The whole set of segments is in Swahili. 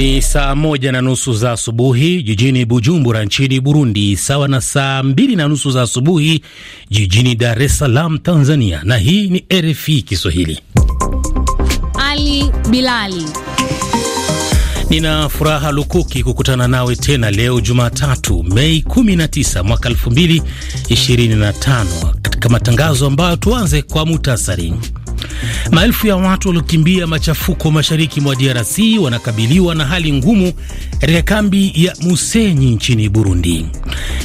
Ni saa moja na nusu za asubuhi jijini Bujumbura nchini Burundi, sawa na saa mbili na nusu za asubuhi jijini Dar es Salaam, Tanzania. Na hii ni RFI Kiswahili. Ali Bilali, nina furaha lukuki kukutana nawe tena leo Jumatatu, Mei 19 mwaka 2025 katika matangazo ambayo tuanze kwa muhtasari Maelfu ya watu waliokimbia machafuko mashariki mwa DRC wanakabiliwa na hali ngumu katika kambi ya Musenyi nchini Burundi.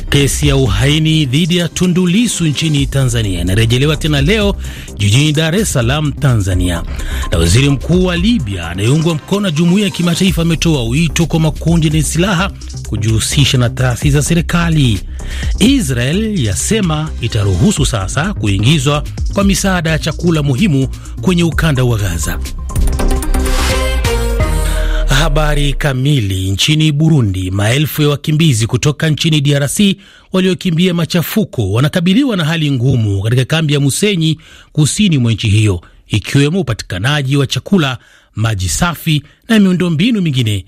Kesi ya uhaini dhidi ya Tundu Lisu nchini Tanzania inarejelewa tena leo jijini Dar es Salaam, Tanzania. Na waziri mkuu wa Libya anayeungwa mkono na jumuiya ya kimataifa ametoa wito kwa makundi yenye silaha kujihusisha na taasisi za serikali. Israel yasema itaruhusu sasa kuingizwa kwa misaada ya chakula muhimu kwenye ukanda wa Gaza. Habari kamili. Nchini Burundi, maelfu ya wakimbizi kutoka nchini DRC waliokimbia machafuko wanakabiliwa na hali ngumu katika kambi ya Musenyi kusini mwa nchi hiyo, ikiwemo upatikanaji wa chakula, maji safi na miundombinu mingine.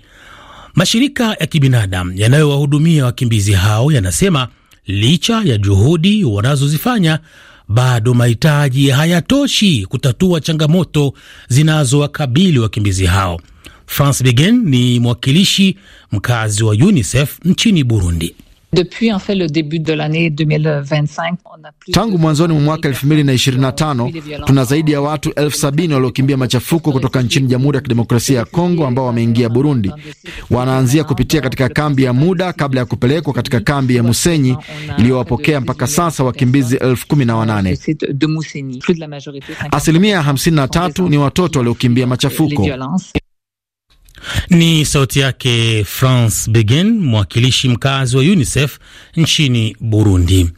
Mashirika ya kibinadamu yanayowahudumia wakimbizi hao yanasema licha ya juhudi wanazozifanya bado mahitaji hayatoshi kutatua changamoto zinazowakabili wakimbizi hao. France Begin ni mwakilishi mkazi wa UNICEF nchini Burundi. Tangu mwanzoni mwa mwaka 2025 tuna zaidi ya watu elfu sabini waliokimbia machafuko kutoka nchini Jamhuri ya Kidemokrasia ya Kongo ambao wameingia Burundi. Wanaanzia kupitia katika kambi ya muda kabla ya kupelekwa katika kambi ya Musenyi iliyowapokea mpaka sasa wakimbizi elfu kumi na wanane. Asilimia 53 ni watoto waliokimbia machafuko. Ni sauti yake France Begen, mwakilishi mkazi wa UNICEF nchini Burundi.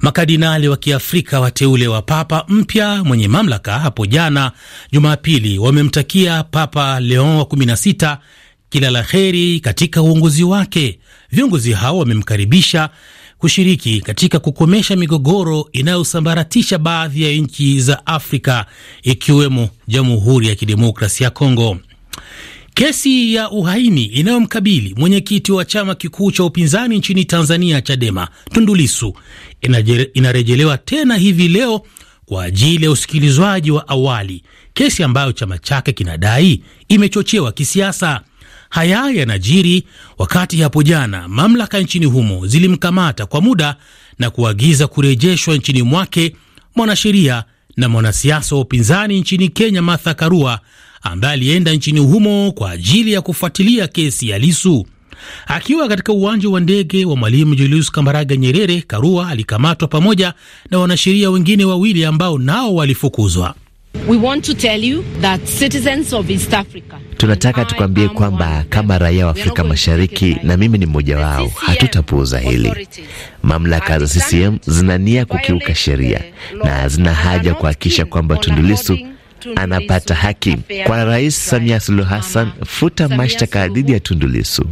Makardinali wa Kiafrika wateule wa papa mpya mwenye mamlaka hapo jana Jumapili wamemtakia Papa Leon wa 16 kila la heri katika uongozi wake. Viongozi hao wamemkaribisha kushiriki katika kukomesha migogoro inayosambaratisha baadhi ya nchi za Afrika ikiwemo Jamhuri ya Kidemokrasia ya Kongo. Kesi ya uhaini inayomkabili mwenyekiti wa chama kikuu cha upinzani nchini Tanzania, Chadema, tundulisu inarejelewa tena hivi leo kwa ajili ya usikilizwaji wa awali, kesi ambayo chama chake kinadai imechochewa kisiasa. Haya yanajiri wakati hapo jana mamlaka nchini humo zilimkamata kwa muda na kuagiza kurejeshwa nchini mwake mwanasheria na mwanasiasa wa upinzani nchini Kenya, Martha Karua ambaye alienda nchini humo kwa ajili ya kufuatilia kesi ya Lisu. Akiwa katika uwanja wa ndege wa Mwalimu Julius Kambarage Nyerere, Karua alikamatwa pamoja na wanasheria wengine wawili ambao nao walifukuzwa. We want to tell you that citizens of East Africa, tunataka tukwambie kwamba kama raia wa Afrika Mashariki na mimi ni mmoja wao, hatutapuuza hili. Mamlaka za CCM zina nia kukiuka sheria na zina haja kuhakikisha kwamba Tundu Lissu anapata haki. Kwa Rais Samia Suluhu Hassan, futa mashtaka dhidi ya Tundu Lissu,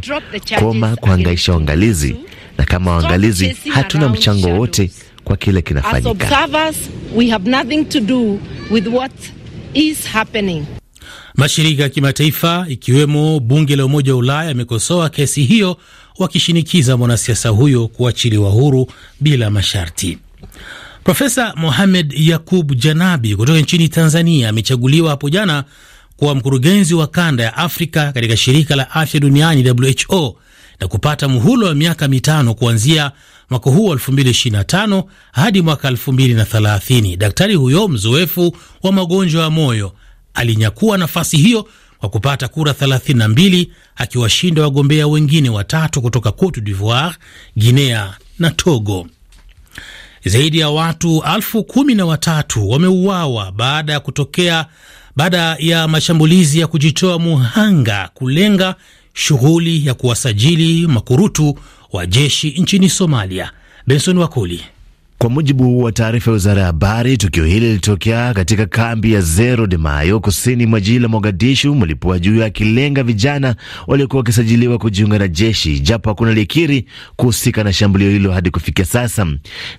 koma kuhangaisha waangalizi, na kama waangalizi hatuna mchango wowote kwa kile kinafanyika. Mashirika ya kimataifa ikiwemo bunge la Umoja wa Ulaya yamekosoa kesi hiyo, wakishinikiza mwanasiasa huyo kuachiliwa huru bila masharti. Profesa Mohamed Yakub Janabi kutoka nchini Tanzania amechaguliwa hapo jana kuwa mkurugenzi wa kanda ya Afrika katika shirika la afya duniani WHO na kupata muhula wa miaka mitano kuanzia mwaka huu wa 2025 hadi mwaka 2030. Daktari huyo mzoefu wa magonjwa ya moyo alinyakua nafasi hiyo kwa kupata kura 32 akiwashinda wagombea wengine watatu kutoka Cote d'Ivoire, Guinea na Togo. Zaidi ya watu elfu kumi na watatu wameuawa baada ya kutokea baada ya mashambulizi ya kujitoa muhanga kulenga shughuli ya kuwasajili makurutu wa jeshi nchini Somalia. Benson wakuli kwa mujibu wa taarifa ya wizara ya habari, tukio hili lilitokea katika kambi ya Zero de Mayo kusini mwa jiji la Mogadishu, mlipua huyo akilenga vijana waliokuwa wakisajiliwa kujiunga na jeshi, japo hakuna aliyekiri kuhusika na shambulio hilo hadi kufikia sasa.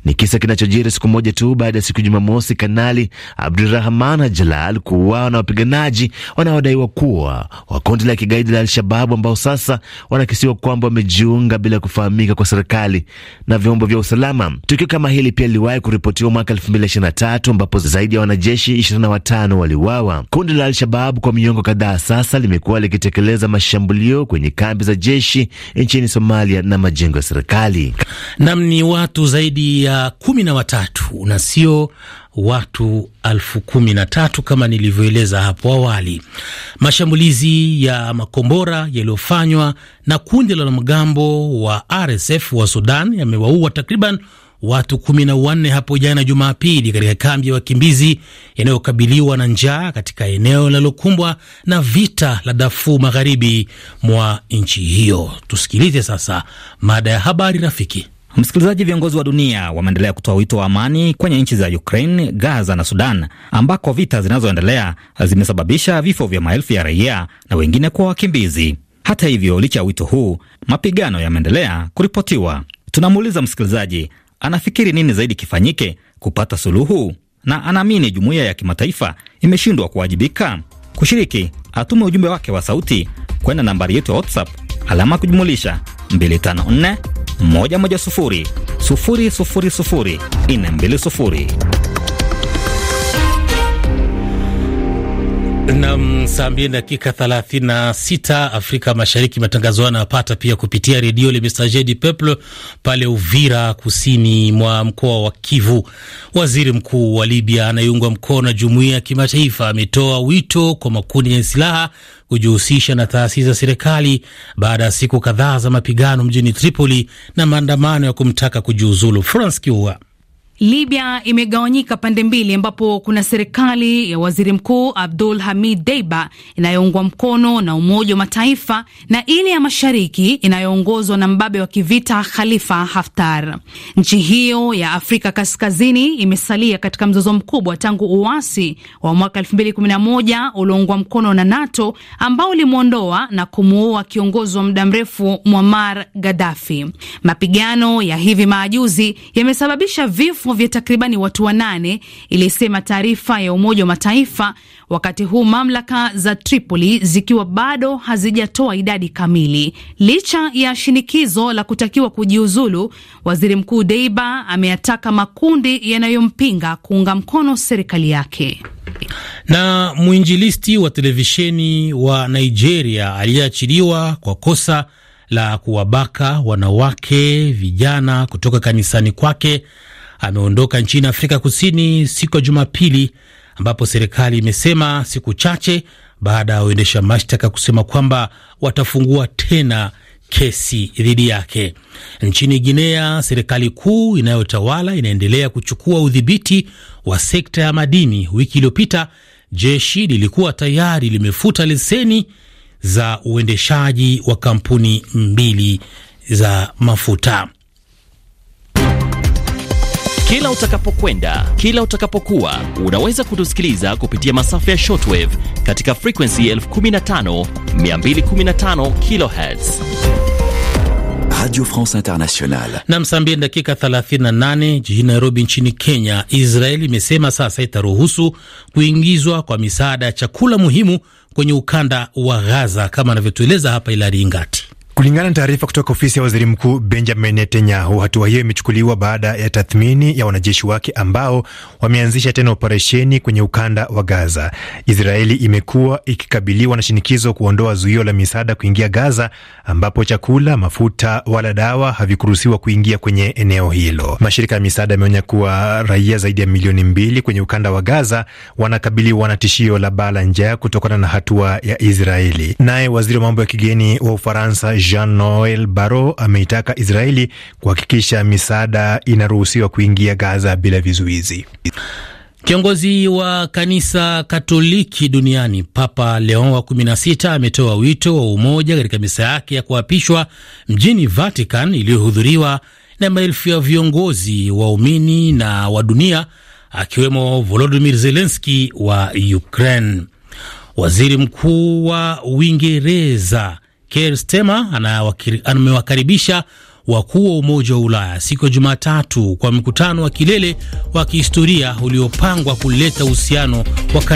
Ni kisa kinachojiri siku moja tu baada ya siku Jumamosi Kanali Abdurahman Jalal kuuawa na wapiganaji wanaodaiwa kuwa wa kundi la kigaidi la alshababu ambao sasa wanakisiwa kwamba wamejiunga bila kufahamika kwa serikali na vyombo vya usalama. Tukio kama hili pia liliwahi kuripotiwa mwaka 2023 ambapo zaidi ya wanajeshi 25 waliuawa. Kundi la Al-Shabaab kwa miongo kadhaa sasa limekuwa likitekeleza mashambulio kwenye kambi za jeshi nchini Somalia na majengo ya serikali. Nam ni watu zaidi ya kumi na watatu na sio watu elfu kumi na tatu kama nilivyoeleza hapo awali. Mashambulizi ya makombora yaliyofanywa na kundi la wanamgambo wa RSF wa Sudan yamewaua takriban watu kumi na wanne hapo jana Jumapili katika kambi ya wakimbizi yanayokabiliwa na njaa katika eneo linalokumbwa na vita la dafu magharibi mwa nchi hiyo. Tusikilize sasa mada ya habari rafiki. Msikilizaji, viongozi wa dunia wameendelea kutoa wito wa amani kwenye nchi za Ukraine, Gaza na Sudan, ambako vita zinazoendelea zimesababisha vifo vya maelfu ya raia na wengine kuwa wakimbizi. Hata hivyo, licha ya wito huu, mapigano yameendelea kuripotiwa. Tunamuuliza msikilizaji, anafikiri nini zaidi kifanyike kupata suluhu, na anaamini jumuiya ya kimataifa imeshindwa kuwajibika. Kushiriki, atume ujumbe wake wa sauti kwenda nambari yetu ya WhatsApp alama kujumulisha 254 Nam, saa mbili dakika sita Afrika Mashariki. Matangazo hayo anayapata pia kupitia redio Le Messager du Peuple pale Uvira, kusini mwa mkoa wa Kivu. Waziri Mkuu wa Libya anayeungwa mkono na jumuiya ya kimataifa ametoa wito kwa makundi yenye silaha kujihusisha na taasisi za serikali baada ya siku kadhaa za mapigano mjini Tripoli na maandamano ya kumtaka kujiuzulu. Franc Kiua Libya imegawanyika pande mbili ambapo kuna serikali ya waziri mkuu Abdul Hamid Deiba inayoungwa mkono na Umoja wa Mataifa na ile ya mashariki inayoongozwa na mbabe wa kivita Khalifa Haftar. Nchi hiyo ya Afrika Kaskazini imesalia katika mzozo mkubwa tangu uasi wa mwaka 2011 ulioungwa mkono na NATO ambao ulimwondoa na kumuua kiongozi wa muda mrefu Muammar Gaddafi. Mapigano ya hivi majuzi yamesababisha vifo vifo vya takribani watu wanane, ilisema taarifa ya Umoja wa Mataifa, wakati huu mamlaka za Tripoli zikiwa bado hazijatoa idadi kamili. Licha ya shinikizo la kutakiwa kujiuzulu, waziri mkuu Deiba ameyataka makundi yanayompinga kuunga mkono serikali yake. Na mwinjilisti wa televisheni wa Nigeria aliyeachiliwa kwa kosa la kuwabaka wanawake vijana kutoka kanisani kwake ameondoka nchini Afrika Kusini siku ya Jumapili, ambapo serikali imesema siku chache baada ya waendesha mashtaka kusema kwamba watafungua tena kesi dhidi yake. Nchini Guinea, serikali kuu inayotawala inaendelea kuchukua udhibiti wa sekta ya madini. Wiki iliyopita jeshi lilikuwa tayari limefuta leseni za uendeshaji wa kampuni mbili za mafuta. Kila utakapokwenda, kila utakapokuwa, unaweza kutusikiliza kupitia masafa ya shortwave katika frequency 15215 kilohertz. Radio France Internationale. Nam saa mbili dakika 38 jijini Nairobi nchini Kenya. Israel imesema sasa itaruhusu kuingizwa kwa misaada ya chakula muhimu kwenye ukanda wa Gaza, kama anavyotueleza hapa Ilari Ingati. Kulingana na taarifa kutoka ofisi ya waziri mkuu Benjamin Netanyahu, hatua hiyo imechukuliwa baada ya tathmini ya wanajeshi wake ambao wameanzisha tena operesheni kwenye ukanda wa Gaza. Israeli imekuwa ikikabiliwa na shinikizo kuondoa zuio la misaada kuingia Gaza, ambapo chakula, mafuta wala dawa havikuruhusiwa kuingia kwenye eneo hilo. Mashirika ya misaada yameonya kuwa raia zaidi ya milioni mbili kwenye ukanda wa Gaza wanakabiliwa na tishio la baa la njaa kutokana na hatua ya Israeli. Naye waziri wa mambo ya kigeni wa Ufaransa Jean Noel Baro ameitaka Israeli kuhakikisha misaada inaruhusiwa kuingia Gaza bila vizuizi. Kiongozi wa kanisa Katoliki duniani Papa Leon wa 16 ametoa wito wa umoja katika misa yake ya kuapishwa mjini Vatican iliyohudhuriwa na maelfu ya viongozi waumini na wa dunia akiwemo Volodimir Zelenski wa Ukraine. Waziri Mkuu wa Uingereza Keir Starmer amewakaribisha wakuu wa Umoja wa Ulaya siku ya Jumatatu kwa mkutano wa kilele wa kihistoria uliopangwa kuleta uhusiano wa